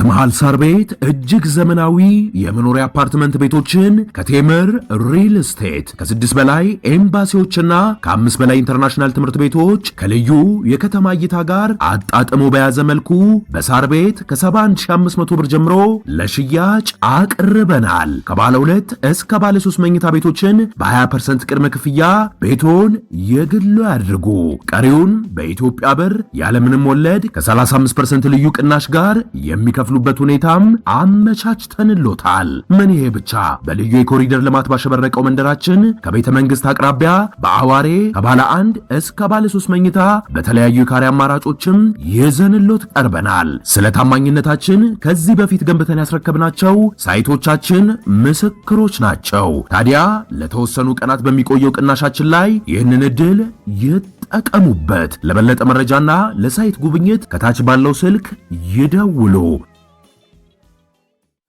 በመሃል ሳር ቤት እጅግ ዘመናዊ የመኖሪያ አፓርትመንት ቤቶችን ከቴምር ሪል ስቴት ከስድስት በላይ ኤምባሲዎችና ከአምስት በላይ ኢንተርናሽናል ትምህርት ቤቶች ከልዩ የከተማ እይታ ጋር አጣጥሞ በያዘ መልኩ በሳር ቤት ከ71500 ብር ጀምሮ ለሽያጭ አቅርበናል። ከባለ ሁለት እስከ ባለ ሶስት መኝታ ቤቶችን በ20% ቅድመ ክፍያ ቤቶን የግሉ ያድርጉ። ቀሪውን በኢትዮጵያ ብር ያለምንም ወለድ ከ35% ልዩ ቅናሽ ጋር የሚከፍ የሚከፍሉበት ሁኔታም አመቻችተንሎታል። ምን ይሄ ብቻ በልዩ የኮሪደር ልማት ባሸበረቀው መንደራችን ከቤተ መንግስት አቅራቢያ በአዋሬ ከባለ አንድ እስከ ባለ ሶስት መኝታ በተለያዩ የካሬ አማራጮችም ይዘንሎት ቀርበናል። ስለ ታማኝነታችን ከዚህ በፊት ገንብተን ያስረከብናቸው ሳይቶቻችን ምስክሮች ናቸው። ታዲያ ለተወሰኑ ቀናት በሚቆየው ቅናሻችን ላይ ይህንን እድል ይጠቀሙበት። ለበለጠ መረጃና ለሳይት ጉብኝት ከታች ባለው ስልክ ይደውሉ።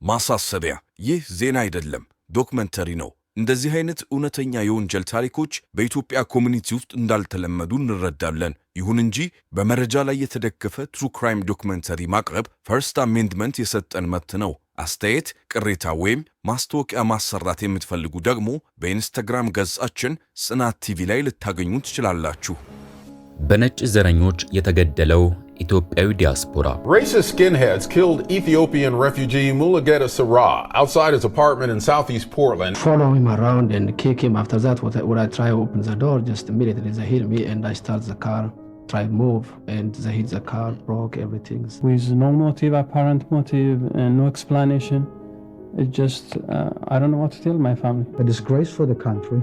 ማሳሰቢያ፣ ይህ ዜና አይደለም፣ ዶክመንተሪ ነው። እንደዚህ አይነት እውነተኛ የወንጀል ታሪኮች በኢትዮጵያ ኮሚኒቲ ውስጥ እንዳልተለመዱ እንረዳለን። ይሁን እንጂ በመረጃ ላይ የተደገፈ ትሩ ክራይም ዶክመንተሪ ማቅረብ ፈርስት አሜንድመንት የሰጠን መብት ነው። አስተያየት፣ ቅሬታ ወይም ማስታወቂያ ማሰራት የምትፈልጉ ደግሞ በኢንስታግራም ገጻችን ጽናት ቲቪ ላይ ልታገኙ ትችላላችሁ። በነጭ ዘረኞች የተገደለው Racist skinheads killed Ethiopian refugee Mulugeta Sarah outside his apartment in southeast Portland. Follow him around and kick him. After that, what I, try to open the door, just immediately they hit me and I start the car. Try move and they hit the car, broke everything. With no motive, apparent motive, and no explanation. it's just, uh, I don't know what to tell my family. A disgrace for the country.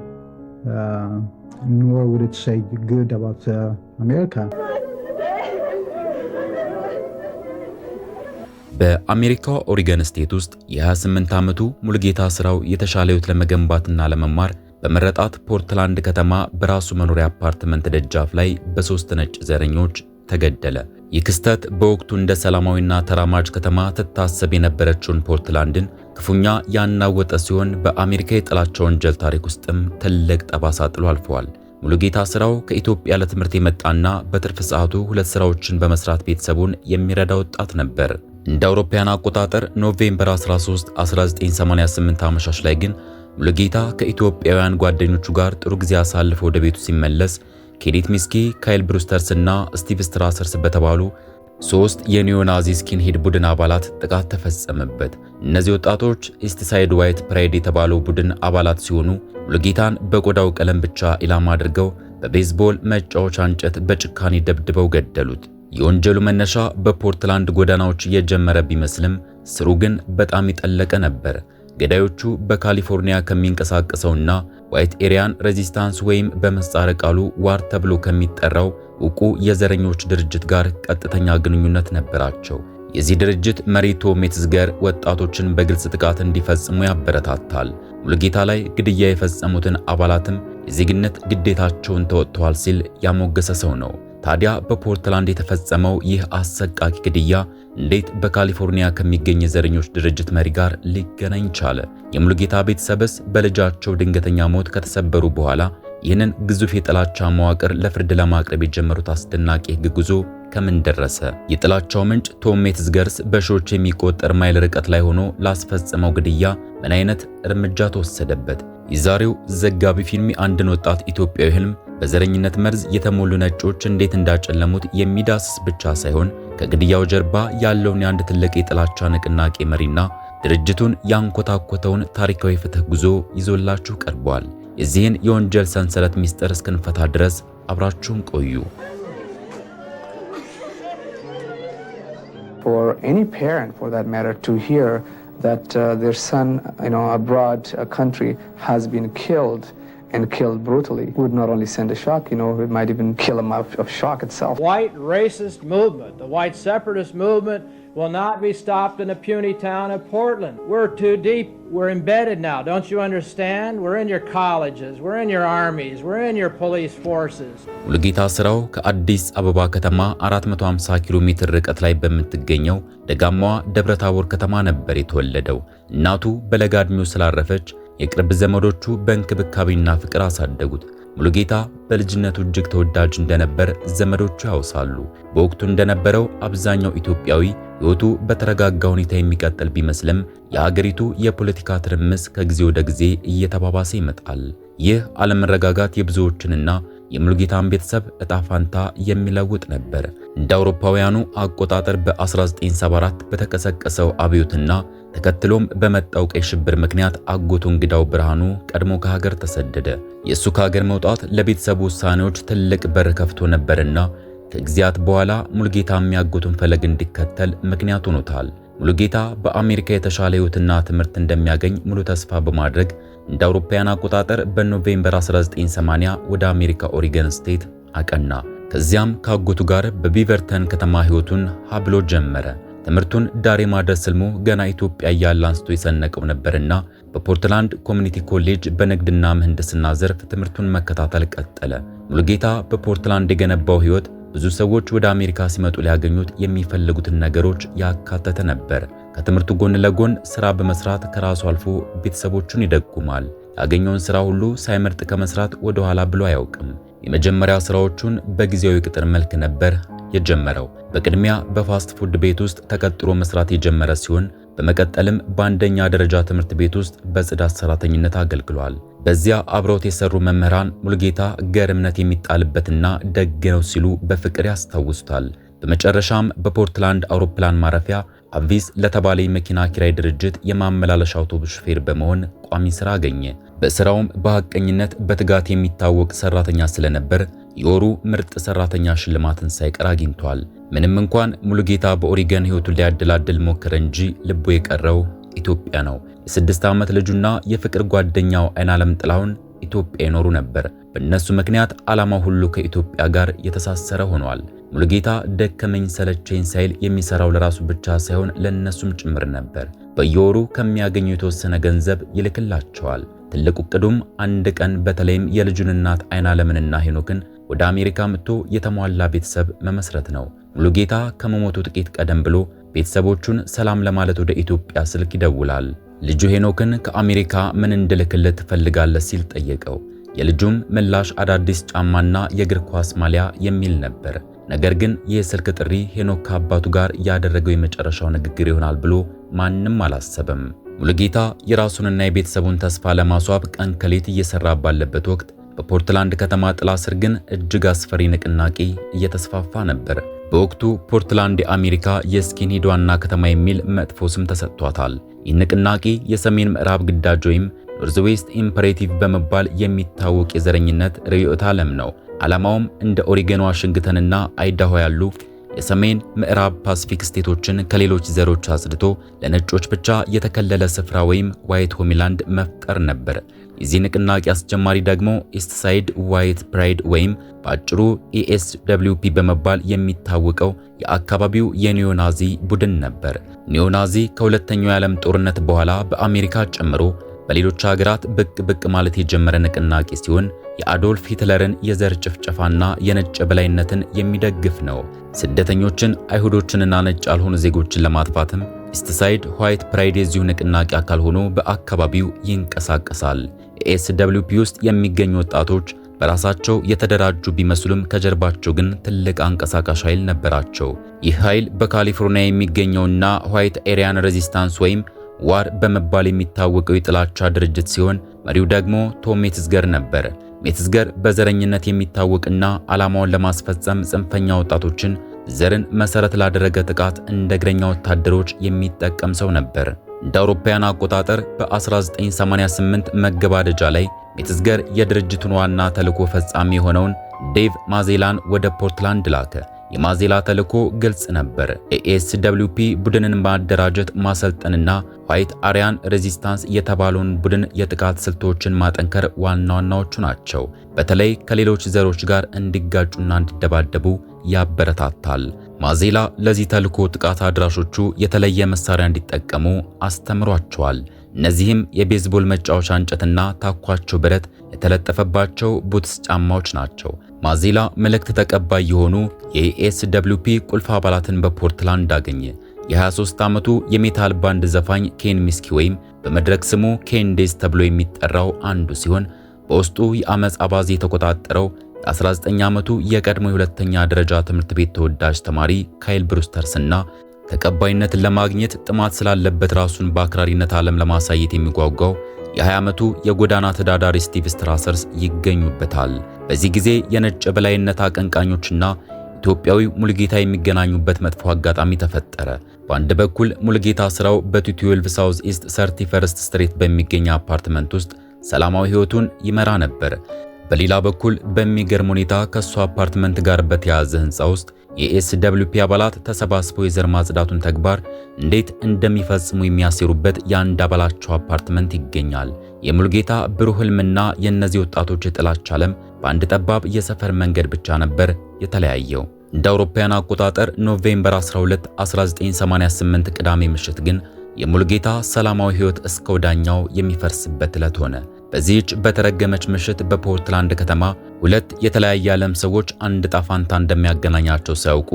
Uh, nor would it say good about uh, America. በአሜሪካ ኦሪገን ስቴት ውስጥ የ28 ዓመቱ ሙልጌታ ስራው የተሻለ ህይወት ለመገንባትና ለመማር በመረጣት ፖርትላንድ ከተማ በራሱ መኖሪያ አፓርትመንት ደጃፍ ላይ በሶስት ነጭ ዘረኞች ተገደለ። ይህ ክስተት በወቅቱ እንደ ሰላማዊና ተራማጅ ከተማ ትታሰብ የነበረችውን ፖርትላንድን ክፉኛ ያናወጠ ሲሆን በአሜሪካ የጥላቻ ወንጀል ታሪክ ውስጥም ትልቅ ጠባሳ ጥሎ አልፈዋል። ሙሉጌታ ስራው ከኢትዮጵያ ለትምህርት የመጣና በትርፍ ሰዓቱ ሁለት ስራዎችን በመስራት ቤተሰቡን የሚረዳ ወጣት ነበር። እንደ አውሮፓያን አቆጣጠር ኖቬምበር 13 1988 አመሻሽ ላይ ግን ሙሉጌታ ከኢትዮጵያውያን ጓደኞቹ ጋር ጥሩ ጊዜ አሳልፎ ወደ ቤቱ ሲመለስ ኬኔት ሚስኪ፣ ካይል ብሩስተርስ እና ስቲቭ ስትራሰርስ በተባሉ ሶስት የኒዮናዚ ስኪንሄድ ቡድን አባላት ጥቃት ተፈጸመበት። እነዚህ ወጣቶች ኢስትሳይድ ዋይት ፕራይድ የተባለው ቡድን አባላት ሲሆኑ ሙሉጌታን በቆዳው ቀለም ብቻ ኢላማ አድርገው በቤዝቦል መጫወቻ እንጨት በጭካኔ ደብድበው ገደሉት። የወንጀሉ መነሻ በፖርትላንድ ጎዳናዎች እየጀመረ ቢመስልም ስሩ ግን በጣም የጠለቀ ነበር። ገዳዮቹ በካሊፎርኒያ ከሚንቀሳቀሰውና ዋይት ኤሪያን ሬዚስታንስ ወይም በምህጻረ ቃሉ ዋር ተብሎ ከሚጠራው ዕውቁ የዘረኞች ድርጅት ጋር ቀጥተኛ ግንኙነት ነበራቸው። የዚህ ድርጅት መሪ ቶም ሜትዝገር ወጣቶችን በግልጽ ጥቃት እንዲፈጽሙ ያበረታታል። ሙልጌታ ላይ ግድያ የፈጸሙትን አባላትም የዜግነት ግዴታቸውን ተወጥተዋል ሲል ያሞገሰ ሰው ነው። ታዲያ በፖርትላንድ የተፈጸመው ይህ አሰቃቂ ግድያ እንዴት በካሊፎርኒያ ከሚገኝ የዘረኞች ድርጅት መሪ ጋር ሊገናኝ ቻለ? የሙሉጌታ ቤተሰብስ በልጃቸው ድንገተኛ ሞት ከተሰበሩ በኋላ ይህንን ግዙፍ የጥላቻ መዋቅር ለፍርድ ለማቅረብ የጀመሩት አስደናቂ ሕግ ጉዞ ከምን ደረሰ? የጥላቻው ምንጭ ቶም ሜትዝገርስ በሺዎች የሚቆጠር ማይል ርቀት ላይ ሆኖ ላስፈጸመው ግድያ ምን አይነት እርምጃ ተወሰደበት? የዛሬው ዘጋቢ ፊልም አንድን ወጣት ኢትዮጵያዊ ህልም በዘረኝነት መርዝ የተሞሉ ነጮች እንዴት እንዳጨለሙት የሚዳስስ ብቻ ሳይሆን ከግድያው ጀርባ ያለውን የአንድ ትልቅ የጥላቻ ንቅናቄ መሪና ድርጅቱን ያንኮታኮተውን ታሪካዊ ፍትህ ጉዞ ይዞላችሁ ቀርቧል። የዚህን የወንጀል ሰንሰለት ሚስጥር እስክንፈታ ድረስ አብራችሁን ቆዩ። For any parent for that matter to hear that uh, their son, you know, abroad a country has been killed and killed brutally would not only send a shock, you know, it might even kill him of, of shock itself. White racist movement, the white separatist movement will not be stopped in a puny town of Portland. We're too deep. We're embedded now. Don't you understand? We're in your colleges. We're in your armies. We're in your police forces. ሙሉጌታ ስራው ከአዲስ አበባ ከተማ 450 ኪሎ ሜትር ርቀት ላይ በምትገኘው ደጋማዋ ደብረታቦር ከተማ ነበር የተወለደው። እናቱ በለጋ ዕድሜው ስላረፈች የቅርብ ዘመዶቹ በእንክብካቤና ፍቅር አሳደጉት። ሙሉጌታ በልጅነቱ እጅግ ተወዳጅ እንደነበር ዘመዶቹ ያውሳሉ። በወቅቱ እንደነበረው አብዛኛው ኢትዮጵያዊ ሕይወቱ በተረጋጋ ሁኔታ የሚቀጥል ቢመስልም የሀገሪቱ የፖለቲካ ትርምስ ከጊዜ ወደ ጊዜ እየተባባሰ ይመጣል። ይህ አለመረጋጋት የብዙዎችንና የሙሉጌታን ቤተሰብ እጣ ፋንታ የሚለውጥ ነበር። እንደ አውሮፓውያኑ አቆጣጠር በ1974 በተቀሰቀሰው አብዮትና ተከትሎም በመጣው ቀይ ሽብር ምክንያት አጎቱ እንግዳው ብርሃኑ ቀድሞ ከሀገር ተሰደደ። የእሱ ከሀገር መውጣት ለቤተሰቡ ውሳኔዎች ትልቅ በር ከፍቶ ነበርና ከጊዜያት በኋላ ሙሉጌታ የሚያጎቱን ፈለግ እንዲከተል ምክንያት ሆኖታል። ሙሉጌታ በአሜሪካ የተሻለ ሕይወትና ትምህርት እንደሚያገኝ ሙሉ ተስፋ በማድረግ እንደ አውሮፓውያን አቆጣጠር በኖቬምበር 1980 ወደ አሜሪካ ኦሪገን ስቴት አቀና። ከዚያም ከአጎቱ ጋር በቢቨርተን ከተማ ህይወቱን ሀብሎ ጀመረ። ትምህርቱን ዳሬ ማድረስ ስልሙ ገና ኢትዮጵያ እያለ አንስቶ የሰነቀው ነበርና በፖርትላንድ ኮሚኒቲ ኮሌጅ በንግድና ምህንድስና ዘርፍ ትምህርቱን መከታተል ቀጠለ። ሙሉጌታ በፖርትላንድ የገነባው ህይወት ብዙ ሰዎች ወደ አሜሪካ ሲመጡ ሊያገኙት የሚፈልጉትን ነገሮች ያካተተ ነበር። ከትምህርቱ ጎን ለጎን ሥራ በመስራት ከራሱ አልፎ ቤተሰቦቹን ይደጉማል። ያገኘውን ሥራ ሁሉ ሳይመርጥ ከመስራት ወደ ኋላ ብሎ አያውቅም። የመጀመሪያ ስራዎቹን በጊዜያዊ ቅጥር መልክ ነበር የጀመረው። በቅድሚያ በፋስት ፉድ ቤት ውስጥ ተቀጥሮ መስራት የጀመረ ሲሆን በመቀጠልም በአንደኛ ደረጃ ትምህርት ቤት ውስጥ በጽዳት ሰራተኝነት አገልግሏል። በዚያ አብረውት የሰሩ መምህራን ሙልጌታ ገርምነት የሚጣልበትና ደግ ነው ሲሉ በፍቅር ያስታውሱታል። በመጨረሻም በፖርትላንድ አውሮፕላን ማረፊያ አቪስ ለተባለ የመኪና ኪራይ ድርጅት የማመላለሻ አውቶቡስ ሹፌር በመሆን ቋሚ ስራ አገኘ። በስራውም በሐቀኝነት በትጋት የሚታወቅ ሰራተኛ ስለነበር የወሩ ምርጥ ሰራተኛ ሽልማትን ሳይቀር አግኝቷል። ምንም እንኳን ሙሉጌታ በኦሪገን ህይወቱን ሊያደላድል ሞከረ እንጂ ልቡ የቀረው ኢትዮጵያ ነው። የስድስት ዓመት ልጁና የፍቅር ጓደኛው አይናለም ጥላሁን ኢትዮጵያ ይኖሩ ነበር። በእነሱ ምክንያት ዓላማው ሁሉ ከኢትዮጵያ ጋር የተሳሰረ ሆኗል። ሙሉጌታ ደከመኝ ሰለቸኝ ሳይል የሚሰራው ለራሱ ብቻ ሳይሆን ለእነሱም ጭምር ነበር። በየወሩ ከሚያገኙ የተወሰነ ገንዘብ ይልክላቸዋል። ትልቁ ቅዱም አንድ ቀን በተለይም የልጁን እናት አይና ለምንና ሄኖክን ወደ አሜሪካ መጥቶ የተሟላ ቤተሰብ መመስረት ነው። ሙሉጌታ ከመሞቱ ጥቂት ቀደም ብሎ ቤተሰቦቹን ሰላም ለማለት ወደ ኢትዮጵያ ስልክ ይደውላል። ልጁ ሄኖክን ከአሜሪካ ምን እንድልክልህ ትፈልጋለህ ሲል ጠየቀው። የልጁም ምላሽ አዳዲስ ጫማና የእግር ኳስ ማሊያ የሚል ነበር። ነገር ግን ይህ ስልክ ጥሪ ሄኖክ ከአባቱ ጋር ያደረገው የመጨረሻው ንግግር ይሆናል ብሎ ማንም አላሰበም። ሙሉጌታ የራሱንና የቤተሰቡን ተስፋ ለማስዋብ ቀን ከሌት እየሰራ ባለበት ወቅት በፖርትላንድ ከተማ ጥላ ስር ግን እጅግ አስፈሪ ንቅናቄ እየተስፋፋ ነበር። በወቅቱ ፖርትላንድ የአሜሪካ የስኪንሄድ ዋና ከተማ የሚል መጥፎ ስም ተሰጥቷታል። ይህ ንቅናቄ የሰሜን ምዕራብ ግዳጅ ወይም ኖርዝዌስት ኢምፐሬቲቭ በመባል የሚታወቅ የዘረኝነት ርዕዮተ ዓለም ነው። ዓላማውም እንደ ኦሪገን ዋሽንግተንና አይዳሆ ያሉ የሰሜን ምዕራብ ፓሲፊክ ስቴቶችን ከሌሎች ዘሮች አጽድቶ ለነጮች ብቻ የተከለለ ስፍራ ወይም ዋይት ሆሚላንድ መፍጠር ነበር። የዚህ ንቅናቄ አስጀማሪ ደግሞ ኢስትሳይድ ዋይት ፕራይድ ወይም በአጭሩ ኢኤስደብሊውፒ e በመባል የሚታወቀው የአካባቢው የኒዮናዚ ቡድን ነበር። ኒዮናዚ ከሁለተኛው የዓለም ጦርነት በኋላ በአሜሪካ ጨምሮ በሌሎች ሀገራት ብቅ ብቅ ማለት የጀመረ ንቅናቄ ሲሆን የአዶልፍ ሂትለርን የዘር ጭፍጨፋና የነጭ በላይነትን የሚደግፍ ነው። ስደተኞችን፣ አይሁዶችንና ነጭ ያልሆኑ ዜጎችን ለማጥፋትም ኢስትሳይድ ዋይት ፕራይድ የዚሁ ንቅናቄ አካል ሆኖ በአካባቢው ይንቀሳቀሳል። የኤስደብሊውፒ ውስጥ የሚገኙ ወጣቶች በራሳቸው የተደራጁ ቢመስሉም ከጀርባቸው ግን ትልቅ አንቀሳቃሽ ኃይል ነበራቸው። ይህ ኃይል በካሊፎርኒያ የሚገኘውና ዋይት ኤሪያን ሬዚስታንስ ወይም ዋር በመባል የሚታወቀው የጥላቻ ድርጅት ሲሆን መሪው ደግሞ ቶም ሜትዝገር ነበር። ሜትዝገር በዘረኝነት የሚታወቅና ዓላማውን ለማስፈጸም ጽንፈኛ ወጣቶችን ዘርን መሰረት ላደረገ ጥቃት እንደ እግረኛ ወታደሮች የሚጠቀም ሰው ነበር። እንደ አውሮፓውያን አቆጣጠር በ1988 መገባደጃ ላይ ሜትዝገር የድርጅቱን ዋና ተልዕኮ ፈጻሚ የሆነውን ዴቭ ማዜላን ወደ ፖርትላንድ ላከ። የማዜላ ተልዕኮ ግልጽ ነበር። የኤስደብሊውፒ ቡድንን ማደራጀት፣ ማሰልጠንና ዋይት አሪያን ሬዚስታንስ የተባለውን ቡድን የጥቃት ስልቶችን ማጠንከር ዋና ዋናዎቹ ናቸው። በተለይ ከሌሎች ዘሮች ጋር እንዲጋጩና እንዲደባደቡ ያበረታታል። ማዜላ ለዚህ ተልዕኮ ጥቃት አድራሾቹ የተለየ መሳሪያ እንዲጠቀሙ አስተምሯቸዋል። እነዚህም የቤዝቦል መጫወቻ እንጨትና ታኳቸው ብረት የተለጠፈባቸው ቡትስ ጫማዎች ናቸው። ማዜላ መልእክት ተቀባይ የሆኑ የኤስደብሊውፒ ቁልፍ አባላትን በፖርትላንድ አገኘ። የ23 ዓመቱ የሜታል ባንድ ዘፋኝ ኬን ሚስኪ ወይም በመድረክ ስሙ ኬንዴዝ ተብሎ የሚጠራው አንዱ ሲሆን በውስጡ የአመፅ አባዝ የተቆጣጠረው የ19 ዓመቱ የቀድሞ የሁለተኛ ደረጃ ትምህርት ቤት ተወዳጅ ተማሪ ካይል ብሩስተርስና ተቀባይነትን ለማግኘት ጥማት ስላለበት ራሱን በአክራሪነት ዓለም ለማሳየት የሚጓጓው የ20 ዓመቱ የጎዳና ተዳዳሪ ስቲቭ ስትራሰርስ ይገኙበታል። በዚህ ጊዜ የነጭ የበላይነት አቀንቃኞችና ኢትዮጵያዊ ሙልጌታ የሚገናኙበት መጥፎ አጋጣሚ ተፈጠረ። በአንድ በኩል ሙልጌታ ስራው በ ሳውዝ ኢስት ሰርቲ ፈርስት ስትሬት በሚገኝ አፓርትመንት ውስጥ ሰላማዊ ህይወቱን ይመራ ነበር። በሌላ በኩል በሚገርም ሁኔታ ከሱ አፓርትመንት ጋር በተያያዘ ህንፃ ውስጥ የኤስደብሊውፒ አባላት ተሰባስበው የዘር ማጽዳቱን ተግባር እንዴት እንደሚፈጽሙ የሚያሴሩበት የአንድ አባላቸው አፓርትመንት ይገኛል። የሙልጌታ ብሩህ ህልምና የእነዚህ ወጣቶች የጥላቻ ዓለም በአንድ ጠባብ የሰፈር መንገድ ብቻ ነበር የተለያየው። እንደ አውሮፓውያን አቆጣጠር ኖቬምበር 12 1988 ቅዳሜ ምሽት ግን የሙልጌታ ሰላማዊ ህይወት እስከ ወዳኛው የሚፈርስበት ዕለት ሆነ። በዚህች በተረገመች ምሽት በፖርትላንድ ከተማ ሁለት የተለያየ ዓለም ሰዎች አንድ ጣፋንታ እንደሚያገናኛቸው ሳያውቁ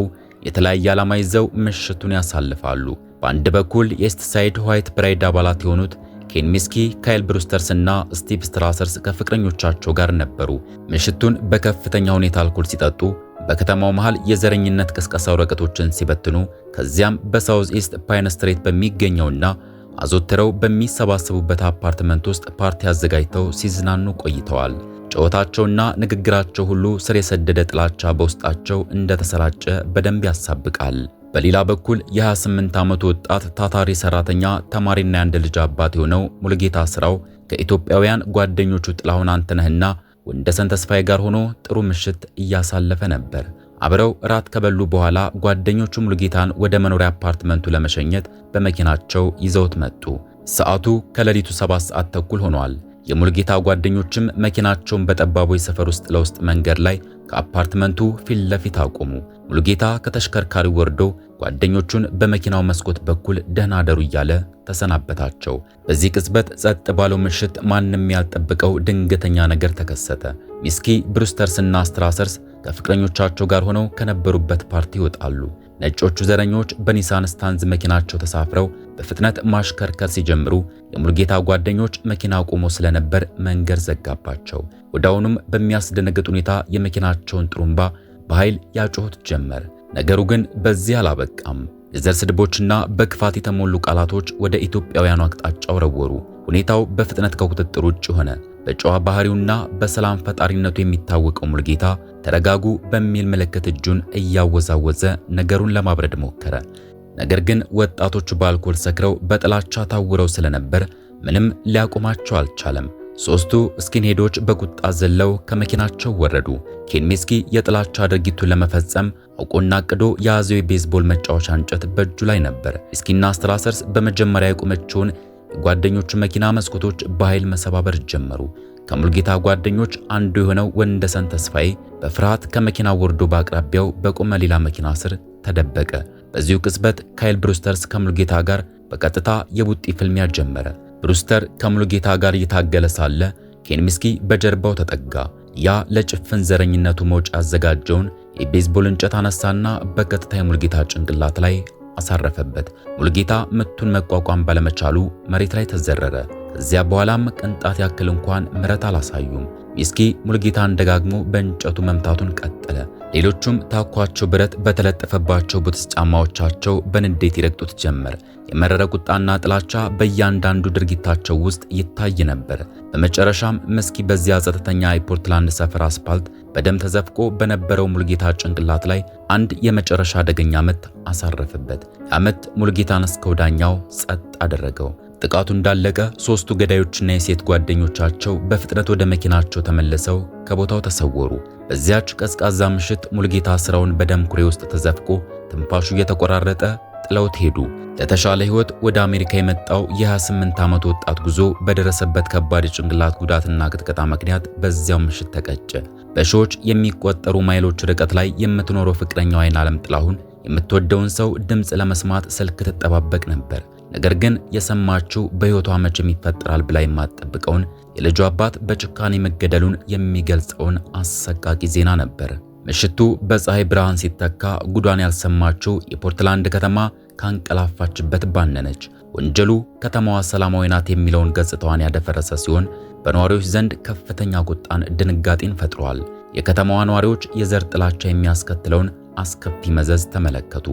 የተለያየ ዓላማ ይዘው ምሽቱን ያሳልፋሉ። በአንድ በኩል ሳይድ ዋይት ፕራይድ አባላት የሆኑት ኬን ሚስኪ፣ ካይል ብሩስተርስ እና ስቲቭ ስትራሰርስ ከፍቅረኞቻቸው ጋር ነበሩ። ምሽቱን በከፍተኛ ሁኔታ አልኮል ሲጠጡ በከተማው መሃል የዘረኝነት ቅስቀሳ ወረቀቶችን ሲበትኑ ከዚያም በሳውዝ ኢስት ፓይን ስትሬት በሚገኘውና አዘውትረው በሚሰባሰቡበት አፓርትመንት ውስጥ ፓርቲ አዘጋጅተው ሲዝናኑ ቆይተዋል። ጨዋታቸውና ንግግራቸው ሁሉ ስር የሰደደ ጥላቻ በውስጣቸው እንደተሰራጨ በደንብ ያሳብቃል። በሌላ በኩል የ28 ዓመቱ ወጣት ታታሪ ሰራተኛ ተማሪና የአንድ ልጅ አባት የሆነው ሙልጌታ ስራው ከኢትዮጵያውያን ጓደኞቹ ጥላሁን አንተነህና ወንደሰን ተስፋዬ ጋር ሆኖ ጥሩ ምሽት እያሳለፈ ነበር። አብረው እራት ከበሉ በኋላ ጓደኞቹ ሙሉጌታን ወደ መኖሪያ አፓርትመንቱ ለመሸኘት በመኪናቸው ይዘውት መጡ። ሰዓቱ ከሌሊቱ ሰባት ሰዓት ተኩል ሆኗል። የሙሉጌታ ጓደኞችም መኪናቸውን በጠባቡ የሰፈር ውስጥ ለውስጥ መንገድ ላይ ከአፓርትመንቱ ፊት ለፊት አቆሙ። ሙሉጌታ ከተሽከርካሪው ወርዶ ጓደኞቹን በመኪናው መስኮት በኩል ደህና አደሩ እያለ ተሰናበታቸው። በዚህ ቅጽበት ጸጥ ባለው ምሽት ማንም ያልጠበቀው ድንገተኛ ነገር ተከሰተ። ሚስኪ ብሩስተርስና ስትራሰርስ ከፍቅረኞቻቸው ጋር ሆነው ከነበሩበት ፓርቲ ይወጣሉ። ነጮቹ ዘረኞች በኒሳን ስታንዝ መኪናቸው ተሳፍረው በፍጥነት ማሽከርከር ሲጀምሩ የሙልጌታ ጓደኞች መኪና ቆሞ ስለነበር መንገድ ዘጋባቸው። ወዲያውኑም በሚያስደነግጥ ሁኔታ የመኪናቸውን ጥሩምባ በኃይል ያጮሁት ጀመር። ነገሩ ግን በዚህ አላበቃም። የዘር ስድቦችና በክፋት የተሞሉ ቃላቶች ወደ ኢትዮጵያውያኑ አቅጣጫ ወረወሩ። ሁኔታው በፍጥነት ከቁጥጥር ውጭ ሆነ። በጨዋ ባህሪውና በሰላም ፈጣሪነቱ የሚታወቀው ሙልጌታ ተረጋጉ በሚል ምልክት እጁን እያወዛወዘ ነገሩን ለማብረድ ሞከረ። ነገር ግን ወጣቶቹ በአልኮል ሰክረው በጥላቻ ታውረው ስለነበር ምንም ሊያቆማቸው አልቻለም። ሦስቱ ስኪንሄዶች በቁጣ ዘለው ከመኪናቸው ወረዱ። ኬንሜስኪ የጥላቻ ድርጊቱን ለመፈጸም አውቆና አቅዶ የያዘው የቤዝቦል መጫወቻ እንጨት በእጁ ላይ ነበር። ስኪና ስትራሰርስ በመጀመሪያ የቆመችውን የጓደኞቹ መኪና መስኮቶች በኃይል መሰባበር ጀመሩ። ከሙልጌታ ጓደኞች አንዱ የሆነው ወንደሰን ተስፋዬ በፍርሃት ከመኪና ወርዶ በአቅራቢያው በቆመ ሌላ መኪና ስር ተደበቀ። በዚሁ ቅጽበት ካይል ብሩስተርስ ከሙልጌታ ጋር በቀጥታ የቡጢ ፍልሚያ ጀመረ። ብሩስተር ከሙልጌታ ጋር እየታገለ ሳለ ኬንሚስኪ በጀርባው ተጠጋ። ያ ለጭፍን ዘረኝነቱ መውጫ ያዘጋጀውን የቤዝቦል እንጨት አነሳና በቀጥታ የሙልጌታ ጭንቅላት ላይ አሳረፈበት። ሙልጌታ ምቱን መቋቋም ባለመቻሉ መሬት ላይ ተዘረረ። ከዚያ በኋላም ቅንጣት ያክል እንኳን ምረት አላሳዩም። ሚስኪ ሙልጌታ ደጋግሞ በእንጨቱ መምታቱን ቀጠለ። ሌሎቹም ታኳቸው ብረት በተለጠፈባቸው ቡትስ ጫማዎቻቸው በንዴት ይረግጡት ጀመር። የመረረ ቁጣና ጥላቻ በእያንዳንዱ ድርጊታቸው ውስጥ ይታይ ነበር። በመጨረሻም መስኪ በዚያ ጸጥተኛ የፖርትላንድ ሰፈር አስፓልት በደም ተዘፍቆ በነበረው ሙልጌታ ጭንቅላት ላይ አንድ የመጨረሻ አደገኛ ምት አሳረፈበት። ያ ሙልጌታን እስከ ወዳኛው ጸጥ አደረገው። ጥቃቱ እንዳለቀ ሦስቱ ገዳዮችና የሴት ጓደኞቻቸው በፍጥነት ወደ መኪናቸው ተመልሰው ከቦታው ተሰወሩ። በዚያች ቀዝቃዛ ምሽት ሙልጌታ ስራውን በደም ኩሬ ውስጥ ተዘፍቆ ትንፋሹ እየተቆራረጠ ጥለውት ሄዱ። ለተሻለ ህይወት ወደ አሜሪካ የመጣው የ28 ዓመት ወጣት ጉዞ በደረሰበት ከባድ የጭንቅላት ጉዳትና ቅጥቀጣ ምክንያት በዚያው ምሽት ተቀጨ። በሺዎች የሚቆጠሩ ማይሎች ርቀት ላይ የምትኖረው ፍቅረኛው አይን አለም ጥላሁን የምትወደውን ሰው ድምፅ ለመስማት ስልክ ትጠባበቅ ነበር። ነገር ግን የሰማችው በሕይወቷ መቼም ይፈጠራል ብላ የማትጠብቀውን የልጇ አባት በጭካኔ መገደሉን የሚገልጸውን አሰቃቂ ዜና ነበር። ምሽቱ በፀሐይ ብርሃን ሲተካ ጉዷን ያልሰማችው የፖርትላንድ ከተማ ካንቀላፋችበት ባነነች። ወንጀሉ ከተማዋ ሰላማዊ ናት የሚለውን ገጽታዋን ያደፈረሰ ሲሆን በነዋሪዎች ዘንድ ከፍተኛ ቁጣን፣ ድንጋጤን ፈጥሯል። የከተማዋ ነዋሪዎች የዘር ጥላቻ የሚያስከትለውን አስከፊ መዘዝ ተመለከቱ።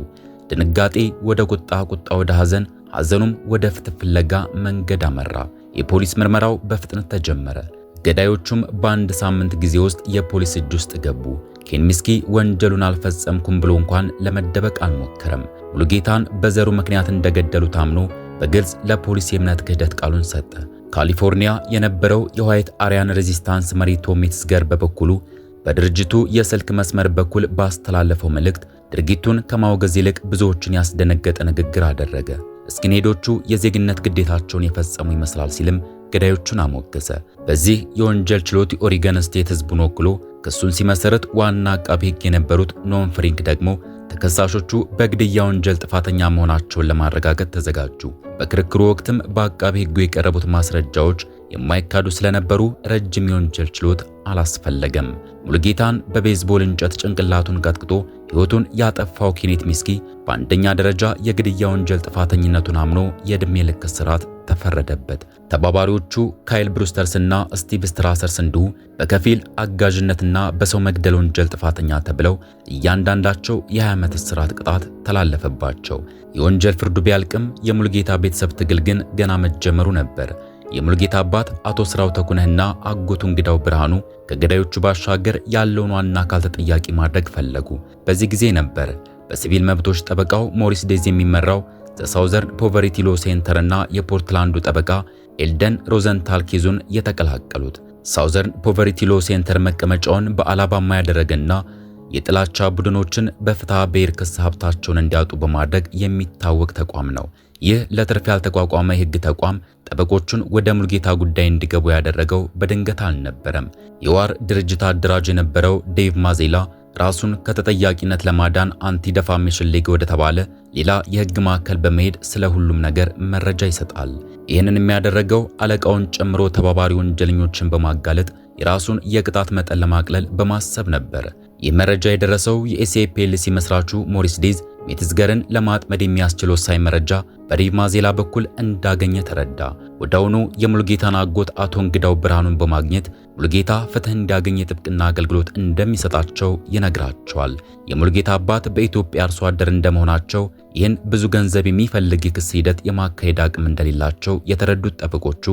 ድንጋጤ ወደ ቁጣ፣ ቁጣ ወደ ሐዘን፣ ሐዘኑም ወደ ፍትህ ፍለጋ መንገድ አመራ። የፖሊስ ምርመራው በፍጥነት ተጀመረ። ገዳዮቹም በአንድ ሳምንት ጊዜ ውስጥ የፖሊስ እጅ ውስጥ ገቡ። ኬንሚስኪ ወንጀሉን አልፈጸምኩም ብሎ እንኳን ለመደበቅ አልሞከረም። ሙሉጌታን በዘሩ ምክንያት እንደገደሉ ታምኖ በግልጽ ለፖሊስ የእምነት ክህደት ቃሉን ሰጠ። ካሊፎርኒያ የነበረው የዋይት አሪያን ሬዚስታንስ መሪ ቶም ሚትስገር በበኩሉ በድርጅቱ የስልክ መስመር በኩል ባስተላለፈው መልእክት ድርጊቱን ከማውገዝ ይልቅ ብዙዎችን ያስደነገጠ ንግግር አደረገ። እስኪኔዶቹ የዜግነት ግዴታቸውን የፈጸሙ ይመስላል ሲልም ገዳዮቹን አሞገሰ። በዚህ የወንጀል ችሎት የኦሪገን ስቴት ህዝቡን ወክሎ ክሱን ሲመሰረት ዋና አቃቢ ህግ የነበሩት ኖን ፍሪንክ ደግሞ ተከሳሾቹ በግድያ ወንጀል ጥፋተኛ መሆናቸውን ለማረጋገጥ ተዘጋጁ። በክርክሩ ወቅትም በአቃቤ ሕጉ የቀረቡት ማስረጃዎች የማይካዱ ስለነበሩ ረጅም የወንጀል ችሎት አላስፈለገም። ሙሉጌታን በቤዝቦል እንጨት ጭንቅላቱን ቀጥቅጦ ሕይወቱን ያጠፋው ኬኔት ሚስኪ በአንደኛ ደረጃ የግድያ ወንጀል ጥፋተኝነቱን አምኖ የዕድሜ ልክ እስራት ተፈረደበት። ተባባሪዎቹ ካይል ብሩስተርስና ስቲቭ ስትራሰርስ እንዲሁ በከፊል አጋዥነትና በሰው መግደል ወንጀል ጥፋተኛ ተብለው እያንዳንዳቸው የ20 ዓመት እስራት ቅጣት ተላለፈባቸው። የወንጀል ፍርዱ ቢያልቅም የሙልጌታ ቤተሰብ ትግል ግን ገና መጀመሩ ነበር። የሙልጌታ አባት አቶ ስራው ተኩነህና አጎቱ እንግዳው ብርሃኑ ከገዳዮቹ ባሻገር ያለውን ዋና አካል ተጠያቂ ማድረግ ፈለጉ። በዚህ ጊዜ ነበር በሲቪል መብቶች ጠበቃው ሞሪስ ዴዝ የሚመራው ዘሳውዘርን ፖቨሪቲ ሎ ሴንተር እና የፖርትላንዱ ጠበቃ ኤልደን ሮዘንታል የተቀላቀሉት። ሳውዘርን ፖቨሪቲ ሎ ሴንተር መቀመጫውን በአላባማ ያደረገና የጥላቻ ቡድኖችን በፍትሐ ብሔር ክስ ሀብታቸውን እንዲያጡ በማድረግ የሚታወቅ ተቋም ነው። ይህ ለትርፍ ያልተቋቋመ የህግ ተቋም ጠበቆቹን ወደ ሙልጌታ ጉዳይ እንዲገቡ ያደረገው በድንገት አልነበረም። የዋር ድርጅት አደራጅ የነበረው ዴቭ ማዜላ ራሱን ከተጠያቂነት ለማዳን አንቲ ደፋሜሽን ሊግ ወደ ተባለ ሌላ የህግ ማዕከል በመሄድ ስለ ሁሉም ነገር መረጃ ይሰጣል። ይህንን የሚያደረገው አለቃውን ጨምሮ ተባባሪ ወንጀለኞችን በማጋለጥ የራሱን የቅጣት መጠን ለማቅለል በማሰብ ነበር። ይህ መረጃ የደረሰው የኤስኤፒኤልሲ መስራቹ ሞሪስ ዴዝ ሜትዝገርን ለማጥመድ የሚያስችል ወሳኝ መረጃ ዜላ በኩል እንዳገኘ ተረዳ። ወዳውኑ የሙሉጌታን አጎት አቶ እንግዳው ብርሃኑን በማግኘት ሙሉጌታ ፍትህ እንዲያገኝ የጥብቅና አገልግሎት እንደሚሰጣቸው ይነግራቸዋል። የሙሉጌታ አባት በኢትዮጵያ አርሶ አደር እንደመሆናቸው ይህን ብዙ ገንዘብ የሚፈልግ የክስ ሂደት የማካሄድ አቅም እንደሌላቸው የተረዱት ጠበቆቹ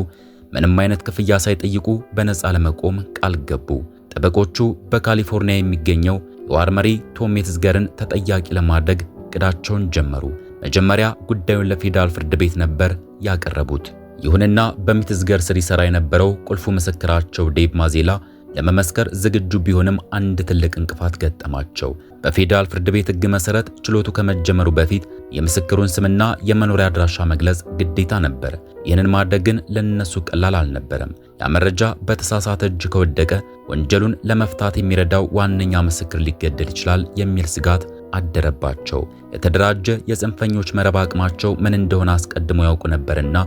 ምንም አይነት ክፍያ ሳይጠይቁ በነፃ ለመቆም ቃል ገቡ። ጠበቆቹ በካሊፎርኒያ የሚገኘው የዋር መሪ ቶም ሜትዝገርን ተጠያቂ ለማድረግ እቅዳቸውን ጀመሩ። መጀመሪያ ጉዳዩን ለፌዴራል ፍርድ ቤት ነበር ያቀረቡት። ይሁንና በሜትዝገር ስር ይሰራ የነበረው ቁልፉ ምስክራቸው ዴብ ማዜላ ለመመስከር ዝግጁ ቢሆንም አንድ ትልቅ እንቅፋት ገጠማቸው። በፌዴራል ፍርድ ቤት ሕግ መሰረት ችሎቱ ከመጀመሩ በፊት የምስክሩን ስምና የመኖሪያ አድራሻ መግለጽ ግዴታ ነበር። ይህንን ማድረግ ግን ለነሱ ቀላል አልነበረም። ያ መረጃ በተሳሳተ እጅ ከወደቀ ወንጀሉን ለመፍታት የሚረዳው ዋነኛ ምስክር ሊገደል ይችላል የሚል ስጋት አደረባቸው። የተደራጀ የጽንፈኞች መረብ አቅማቸው ምን እንደሆነ አስቀድሞ ያውቁ ነበርና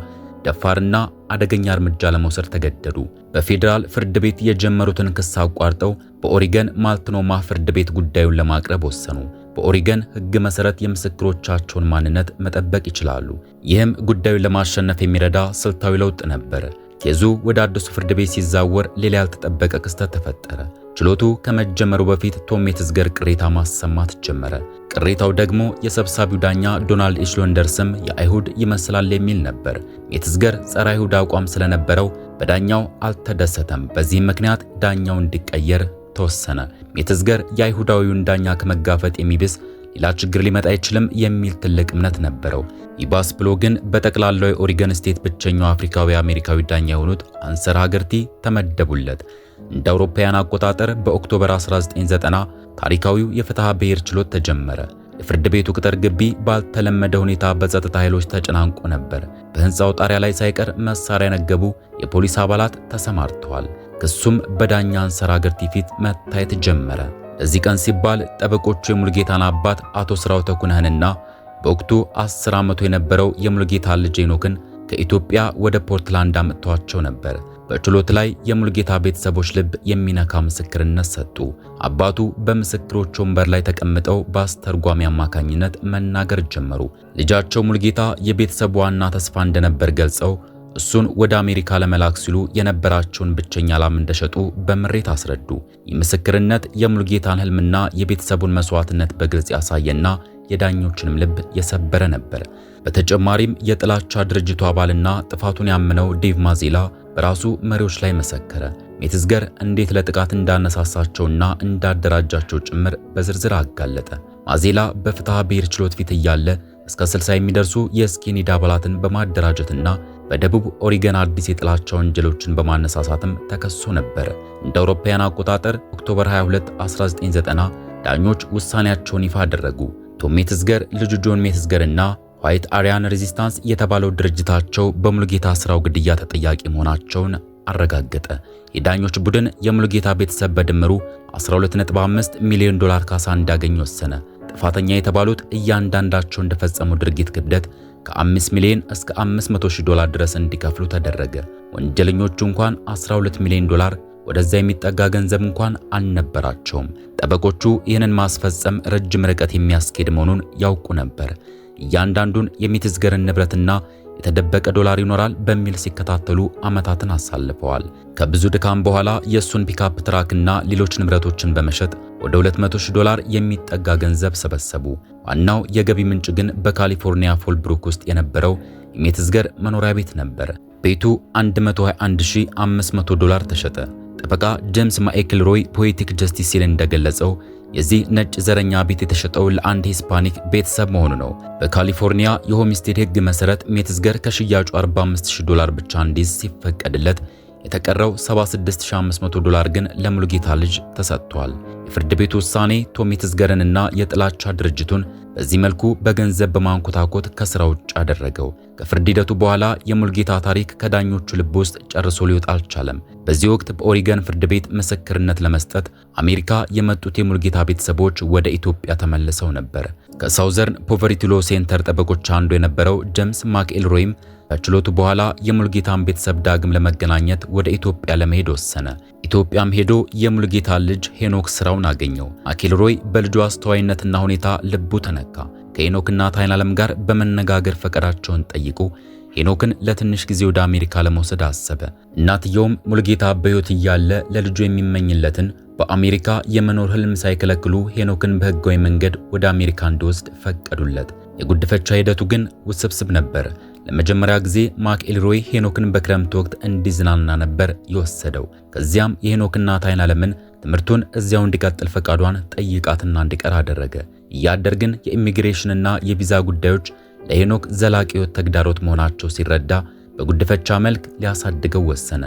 ደፋርና አደገኛ እርምጃ ለመውሰድ ተገደዱ። በፌዴራል ፍርድ ቤት የጀመሩትን ክስ አቋርጠው በኦሪገን ማልትኖማ ፍርድ ቤት ጉዳዩን ለማቅረብ ወሰኑ። በኦሪገን ሕግ መሰረት የምስክሮቻቸውን ማንነት መጠበቅ ይችላሉ። ይህም ጉዳዩን ለማሸነፍ የሚረዳ ስልታዊ ለውጥ ነበር። ኬዙ ወደ አዲሱ ፍርድ ቤት ሲዛወር ሌላ ያልተጠበቀ ክስተት ተፈጠረ። ችሎቱ ከመጀመሩ በፊት ቶም የትዝገር ቅሬታ ማሰማት ጀመረ። ቅሬታው ደግሞ የሰብሳቢው ዳኛ ዶናልድ ኢሽሎንደር ስም የአይሁድ ይመስላል የሚል ነበር። የትዝገር ጸረ አይሁድ አቋም ስለነበረው በዳኛው አልተደሰተም። በዚህም ምክንያት ዳኛው እንዲቀየር ተወሰነ። ሜትዝገር የአይሁዳዊውን ዳኛ ከመጋፈጥ የሚብስ ሌላ ችግር ሊመጣ አይችልም የሚል ትልቅ እምነት ነበረው። ይባስ ብሎ ግን በጠቅላላው የኦሪገን ስቴት ብቸኛው አፍሪካዊ አሜሪካዊ ዳኛ የሆኑት አንሰር ሀገርቲ ተመደቡለት። እንደ አውሮፓውያን አቆጣጠር በኦክቶበር 1990 ታሪካዊው የፍትሐ ብሔር ችሎት ተጀመረ። የፍርድ ቤቱ ቅጥር ግቢ ባልተለመደ ሁኔታ በጸጥታ ኃይሎች ተጨናንቆ ነበር። በህንፃው ጣሪያ ላይ ሳይቀር መሳሪያ የነገቡ የፖሊስ አባላት ተሰማርተዋል። ክሱም በዳኛ ገርቲ ፊት መታየት ጀመረ። ለዚህ ቀን ሲባል ጠበቆቹ የሙልጌታን አባት አቶ ስራው ተኩነህንና በወቅቱ 10 ዓመቱ የነበረው የሙልጌታ ልጅ ሄኖክን ከኢትዮጵያ ወደ ፖርትላንድ አመጥተዋቸው ነበር። በችሎት ላይ የሙልጌታ ቤተሰቦች ልብ የሚነካ ምስክርነት ሰጡ። አባቱ በምስክሮች ወንበር ላይ ተቀምጠው በአስተርጓሚ አማካኝነት መናገር ጀመሩ። ልጃቸው ሙልጌታ የቤተሰቡ ዋና ተስፋ እንደነበር ገልጸው እሱን ወደ አሜሪካ ለመላክ ሲሉ የነበራቸውን ብቸኛ ላም እንደሸጡ በምሬት አስረዱ። ምስክርነት፣ የሙሉጌታን ህልምና የቤተሰቡን መስዋዕትነት በግልጽ ያሳየና የዳኞችንም ልብ የሰበረ ነበር። በተጨማሪም የጥላቻ ድርጅቱ አባልና ጥፋቱን ያምነው ዴቭ ማዜላ በራሱ መሪዎች ላይ መሰከረ። ሜትዝገር እንዴት ለጥቃት እንዳነሳሳቸውና እንዳደራጃቸው ጭምር በዝርዝር አጋለጠ። ማዜላ በፍትሐ ብሔር ችሎት ፊት እያለ እስከ 60 የሚደርሱ የስኬኔድ አባላትን በማደራጀትና በደቡብ ኦሪገን አዲስ የጥላቻ ወንጀሎችን በማነሳሳትም ተከሶ ነበር። እንደ አውሮፓውያን አቆጣጠር ኦክቶበር 22 1990 ዳኞች ውሳኔያቸውን ይፋ አደረጉ። ቶም ሜትዝገር ልጁ ጆን ሜትዝገር እና ዋይት አሪያን ሬዚስታንስ የተባለው ድርጅታቸው በሙሉጌታ ስራው ግድያ ተጠያቂ መሆናቸውን አረጋገጠ። የዳኞች ቡድን የሙሉጌታ ቤተሰብ በድምሩ 12.5 ሚሊዮን ዶላር ካሳ እንዳገኝ ወሰነ። ጥፋተኛ የተባሉት እያንዳንዳቸው እንደፈጸሙ ድርጊት ክብደት ከ5 ሚሊዮን እስከ 500 ሺህ ዶላር ድረስ እንዲከፍሉ ተደረገ። ወንጀለኞቹ እንኳን 12 ሚሊዮን ዶላር ወደዛ የሚጠጋ ገንዘብ እንኳን አልነበራቸውም። ጠበቆቹ ይህንን ማስፈጸም ረጅም ርቀት የሚያስኬድ መሆኑን ያውቁ ነበር። እያንዳንዱን የሚትዝገርን ንብረትና የተደበቀ ዶላር ይኖራል በሚል ሲከታተሉ ዓመታትን አሳልፈዋል። ከብዙ ድካም በኋላ የእሱን ፒካፕ ትራክና ሌሎች ንብረቶችን በመሸጥ ወደ 200,000 ዶላር የሚጠጋ ገንዘብ ሰበሰቡ። ዋናው የገቢ ምንጭ ግን በካሊፎርኒያ ፎልብሩክ ውስጥ የነበረው የሜትዝገር መኖሪያ ቤት ነበር። ቤቱ 121500 ዶላር ተሸጠ። ጠበቃ ጄምስ ማይክል ሮይ ፖኤቲክ ጀስቲስ ሲል እንደገለጸው የዚህ ነጭ ዘረኛ ቤት የተሸጠው ለአንድ ሂስፓኒክ ቤተሰብ መሆኑ ነው። በካሊፎርኒያ የሆምስቴድ ሕግ መሰረት ሜትዝገር ከሽያጩ 45000 ዶላር ብቻ እንዲይዝ ሲፈቀድለት የተቀረው 76500 ዶላር ግን ለሙሉጌታ ልጅ ተሰጥቷል። የፍርድ ቤቱ ውሳኔ ቶሚ ሜትዝገርንና የጥላቻ ድርጅቱን በዚህ መልኩ በገንዘብ በማንኮታኮት ከስራ ውጭ አደረገው። ከፍርድ ሂደቱ በኋላ የሙልጌታ ታሪክ ከዳኞቹ ልብ ውስጥ ጨርሶ ሊወጣ አልቻለም። በዚህ ወቅት በኦሪገን ፍርድ ቤት ምስክርነት ለመስጠት አሜሪካ የመጡት የሙልጌታ ቤተሰቦች ወደ ኢትዮጵያ ተመልሰው ነበር። ከሳውዘርን ሎ ሴንተር ጠበቆች አንዱ የነበረው ጀምስ ማክኤልሮይም ከችሎቱ በኋላ የሙልጌታን ቤተሰብ ዳግም ለመገናኘት ወደ ኢትዮጵያ ለመሄድ ወሰነ። ኢትዮጵያም ሄዶ የሙልጌታ ልጅ ሄኖክ ስራውን አገኘው። አኬልሮይ በልጁ አስተዋይነትና ሁኔታ ልቡ ተነካ። ከሄኖክና ታይናለም ጋር በመነጋገር ፈቃዳቸውን ጠይቆ ሄኖክን ለትንሽ ጊዜ ወደ አሜሪካ ለመውሰድ አሰበ። እናትየውም ሙልጌታ በሕይወት እያለ ለልጁ የሚመኝለትን በአሜሪካ የመኖር ህልም ሳይከለክሉ ሄኖክን በህጋዊ መንገድ ወደ አሜሪካ እንዲወስድ ፈቀዱለት። የጉድፈቻ ሂደቱ ግን ውስብስብ ነበር። ለመጀመሪያ ጊዜ ማክ ኤልሮይ ሄኖክን በክረምት ወቅት እንዲዝናና ነበር የወሰደው። ከዚያም የሄኖክ እናት ለምን ትምህርቱን እዚያው እንዲቀጥል ፈቃዷን ጠይቃትና እንዲቀር አደረገ። እያደር ግን የኢሚግሬሽንና የቪዛ ጉዳዮች ለሄኖክ ዘላቂዎት ተግዳሮት መሆናቸው ሲረዳ በጉድፈቻ መልክ ሊያሳድገው ወሰነ።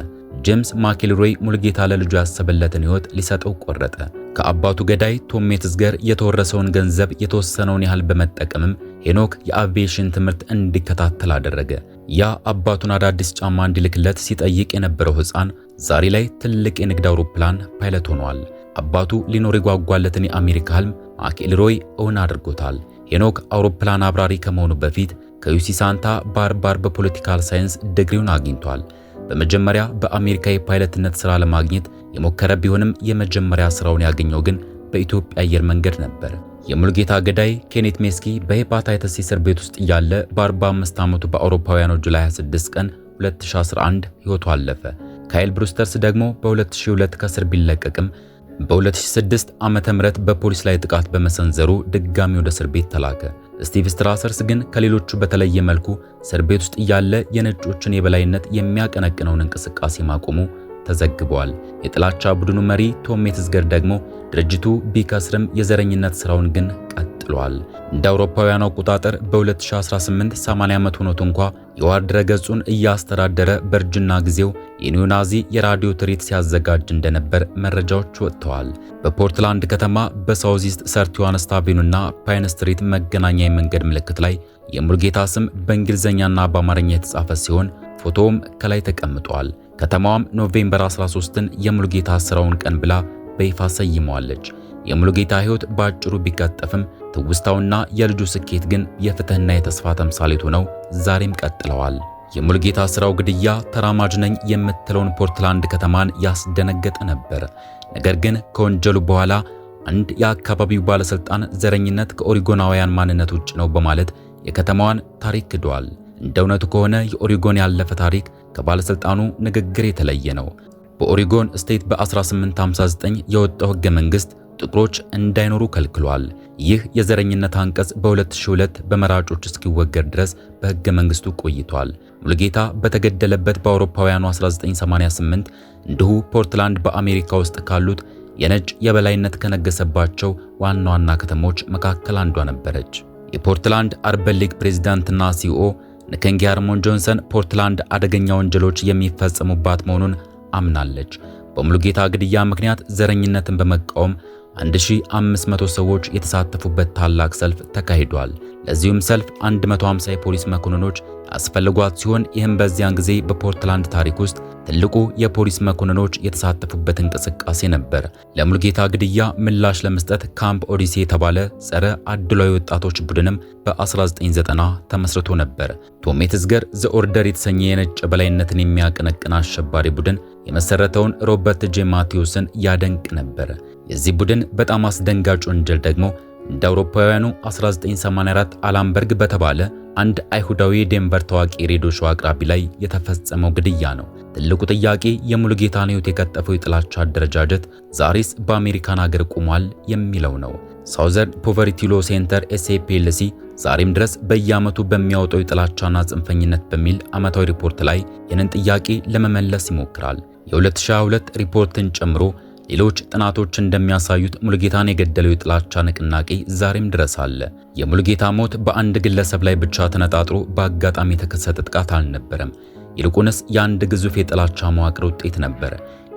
ጄምስ ማኬልሮይ ሙልጌታ ለልጁ ያሰበለትን ሕይወት ሊሰጠው ቆረጠ። ከአባቱ ገዳይ ቶም ሜትዝ ጋር የተወረሰውን ገንዘብ የተወሰነውን ያህል በመጠቀምም ሄኖክ የአቪዬሽን ትምህርት እንዲከታተል አደረገ። ያ አባቱን አዳዲስ ጫማ እንዲልክለት ሲጠይቅ የነበረው ሕፃን ዛሬ ላይ ትልቅ የንግድ አውሮፕላን ፓይለት ሆኗል። አባቱ ሊኖር የጓጓለትን የአሜሪካ ህልም ማኬልሮይ እውን አድርጎታል። ሄኖክ አውሮፕላን አብራሪ ከመሆኑ በፊት ከዩሲ ሳንታ ባርባር በፖለቲካል ሳይንስ ድግሪውን አግኝቷል። በመጀመሪያ በአሜሪካ የፓይለትነት ሥራ ለማግኘት የሞከረ ቢሆንም የመጀመሪያ ሥራውን ያገኘው ግን በኢትዮጵያ አየር መንገድ ነበር። የሙልጌታ ገዳይ ኬኔት ሜስኪ በሄፓታይተስ እስር ቤት ውስጥ እያለ በ45 ዓመቱ በአውሮፓውያኑ ጁላይ 26 ቀን 2011 ሕይወቱ አለፈ። ካይል ብሩስተርስ ደግሞ በ2002 ከእስር ቢለቀቅም በ2006 ዓመተ ምህረት በፖሊስ ላይ ጥቃት በመሰንዘሩ ድጋሚ ወደ እስር ቤት ተላከ። ስቲቭ ስትራሰርስ ግን ከሌሎቹ በተለየ መልኩ እስር ቤት ውስጥ እያለ የነጮችን የበላይነት የሚያቀነቅነውን እንቅስቃሴ ማቆሙ ተዘግቧል። የጥላቻ ቡድኑ መሪ ቶም ሜትዝገር ደግሞ ድርጅቱ ቢከስርም የዘረኝነት ስራውን ግን ቀጥሏል። እንደ አውሮፓውያን አቆጣጠር በ2018 80 ዓመት ሆኖት እንኳ የዋር ድረገጹን እያስተዳደረ በእርጅና ጊዜው የኒዮናዚ የራዲዮ ትርኢት ሲያዘጋጅ እንደነበር መረጃዎች ወጥተዋል። በፖርትላንድ ከተማ በሳውዚስት ኢስት ሰር ዮሐንስ ፓይን ስትሪት መገናኛ የመንገድ ምልክት ላይ የሙልጌታ ስም በእንግሊዝኛና በአማርኛ የተጻፈ ሲሆን ፎቶውም ከላይ ተቀምጧል። ከተማዋም ኖቬምበር 13ን የሙሉጌታ ስራውን ቀን ብላ በይፋ ሰይመዋለች። የሙሉጌታ ሕይወት በአጭሩ ቢጋጠፍም ትውስታውና የልጁ ስኬት ግን የፍትህና የተስፋ ተምሳሌት ሆነው ዛሬም ቀጥለዋል። የሙሉጌታ ስራው ግድያ ተራማጅ ነኝ የምትለውን ፖርትላንድ ከተማን ያስደነገጠ ነበር። ነገር ግን ከወንጀሉ በኋላ አንድ የአካባቢው ባለስልጣን ዘረኝነት ከኦሪጎናውያን ማንነት ውጭ ነው በማለት የከተማዋን ታሪክ ክዷል። እንደ እውነቱ ከሆነ የኦሪጎን ያለፈ ታሪክ ከባለሥልጣኑ ንግግር የተለየ ነው። በኦሪጎን ስቴት በ1859 የወጣው ሕገ መንግሥት ጥቁሮች እንዳይኖሩ ከልክሏል። ይህ የዘረኝነት አንቀጽ በ2002 በመራጮች እስኪወገድ ድረስ በሕገ መንግሥቱ ቆይቷል። ሙሉጌታ በተገደለበት በአውሮፓውያኑ 1988 እንዲሁ ፖርትላንድ በአሜሪካ ውስጥ ካሉት የነጭ የበላይነት ከነገሰባቸው ዋና ዋና ከተሞች መካከል አንዷ ነበረች። የፖርትላንድ አርበን ሊግ ፕሬዝዳንትና ሲኦ ንከንጊ አርሞን ጆንሰን ፖርትላንድ አደገኛ ወንጀሎች የሚፈጸሙባት መሆኑን አምናለች። በሙሉጌታ ግድያ ምክንያት ዘረኝነትን በመቃወም 1500 ሰዎች የተሳተፉበት ታላቅ ሰልፍ ተካሂዷል። ለዚሁም ሰልፍ 150 የፖሊስ መኮንኖች ያስፈልጓት ሲሆን ይህም በዚያን ጊዜ በፖርትላንድ ታሪክ ውስጥ ትልቁ የፖሊስ መኮንኖች የተሳተፉበት እንቅስቃሴ ነበር። ለሙልጌታ ግድያ ምላሽ ለመስጠት ካምፕ ኦዲሴ የተባለ ጸረ አድሏዊ ወጣቶች ቡድንም በ1990 ተመስርቶ ነበር። ቶሜትስገር ዘ ኦርደር የተሰኘ የነጭ በላይነትን የሚያቀነቅን አሸባሪ ቡድን የመሰረተውን ሮበርት ጄ ማቴዎስን ያደንቅ ነበር። የዚህ ቡድን በጣም አስደንጋጭ ወንጀል ደግሞ እንደ አውሮፓውያኑ 1984 አላምበርግ በተባለ አንድ አይሁዳዊ የዴንቨር ታዋቂ ሬዲዮ ሾው አቅራቢ ላይ የተፈጸመው ግድያ ነው። ትልቁ ጥያቄ የሙሉጌታን ሕይወት የቀጠፈው የጥላቻ አደረጃጀት ዛሬስ በአሜሪካን ሀገር ቆሟል የሚለው ነው። ሳውዘርን ፖቨርቲ ሎ ሴንተር ኤስኤፒኤልሲ ዛሬም ድረስ በየዓመቱ በሚያወጣው የጥላቻና ጽንፈኝነት በሚል ዓመታዊ ሪፖርት ላይ ይህንን ጥያቄ ለመመለስ ይሞክራል። የ2022 ሪፖርትን ጨምሮ ሌሎች ጥናቶች እንደሚያሳዩት ሙልጌታን የገደለው የጥላቻ ንቅናቄ ዛሬም ድረስ አለ። የሙልጌታ ሞት በአንድ ግለሰብ ላይ ብቻ ተነጣጥሮ በአጋጣሚ የተከሰተ ጥቃት አልነበረም። ይልቁንስ የአንድ ግዙፍ የጥላቻ መዋቅር ውጤት ነበረ።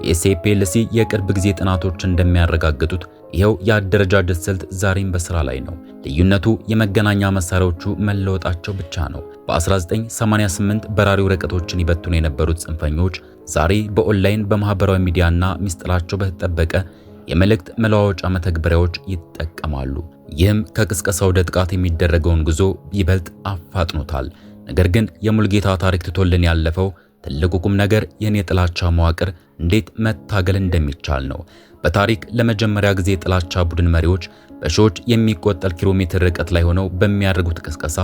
የኤስፒኤልሲ የቅርብ ጊዜ ጥናቶች እንደሚያረጋግጡት ይኸው የአደረጃጀት ስልት ዛሬም በስራ ላይ ነው። ልዩነቱ የመገናኛ መሳሪያዎቹ መለወጣቸው ብቻ ነው። በ1988 በራሪ ወረቀቶችን ይበትኑ የነበሩት ጽንፈኞች ዛሬ በኦንላይን በማህበራዊ ሚዲያና ሚስጥራቸው በተጠበቀ የመልእክት መለዋወጫ መተግበሪያዎች ይጠቀማሉ። ይህም ከቅስቀሳ ወደ ጥቃት የሚደረገውን ጉዞ ይበልጥ አፋጥኖታል። ነገር ግን የሙልጌታ ታሪክ ትቶልን ያለፈው ትልቁ ቁም ነገር ይህን የጥላቻ መዋቅር እንዴት መታገል እንደሚቻል ነው። በታሪክ ለመጀመሪያ ጊዜ የጥላቻ ቡድን መሪዎች በሺዎች የሚቆጠር ኪሎ ሜትር ርቀት ላይ ሆነው በሚያደርጉት ቅስቀሳ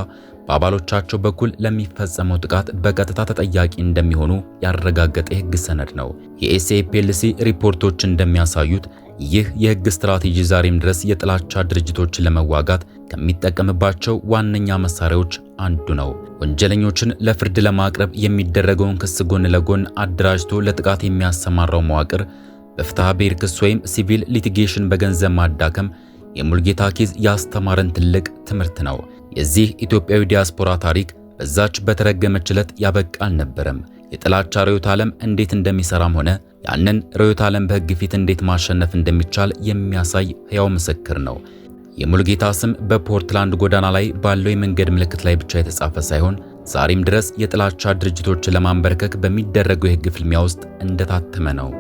በአባሎቻቸው በኩል ለሚፈጸመው ጥቃት በቀጥታ ተጠያቂ እንደሚሆኑ ያረጋገጠ የህግ ሰነድ ነው። የኤስኤፒኤልሲ ሪፖርቶች እንደሚያሳዩት ይህ የህግ ስትራቴጂ ዛሬም ድረስ የጥላቻ ድርጅቶችን ለመዋጋት ከሚጠቀምባቸው ዋነኛ መሳሪያዎች አንዱ ነው። ወንጀለኞችን ለፍርድ ለማቅረብ የሚደረገውን ክስ ጎን ለጎን አደራጅቶ ለጥቃት የሚያሰማራው መዋቅር በፍትሐ ብሔር ክስ ወይም ሲቪል ሊቲጌሽን በገንዘብ ማዳከም የሙልጌታ ኬዝ ያስተማረን ትልቅ ትምህርት ነው። የዚህ ኢትዮጵያዊ ዲያስፖራ ታሪክ በዛች በተረገመች ዕለት ያበቃ አልነበረም። የጥላቻ ርዕዮተ ዓለም እንዴት እንደሚሰራም ሆነ ያንን ርዕዮተ ዓለም በሕግ ፊት እንዴት ማሸነፍ እንደሚቻል የሚያሳይ ሕያው ምስክር ነው። የሙልጌታ ስም በፖርትላንድ ጎዳና ላይ ባለው የመንገድ ምልክት ላይ ብቻ የተጻፈ ሳይሆን ዛሬም ድረስ የጥላቻ ድርጅቶችን ለማንበርከክ በሚደረገው የሕግ ፍልሚያ ውስጥ እንደታተመ ነው።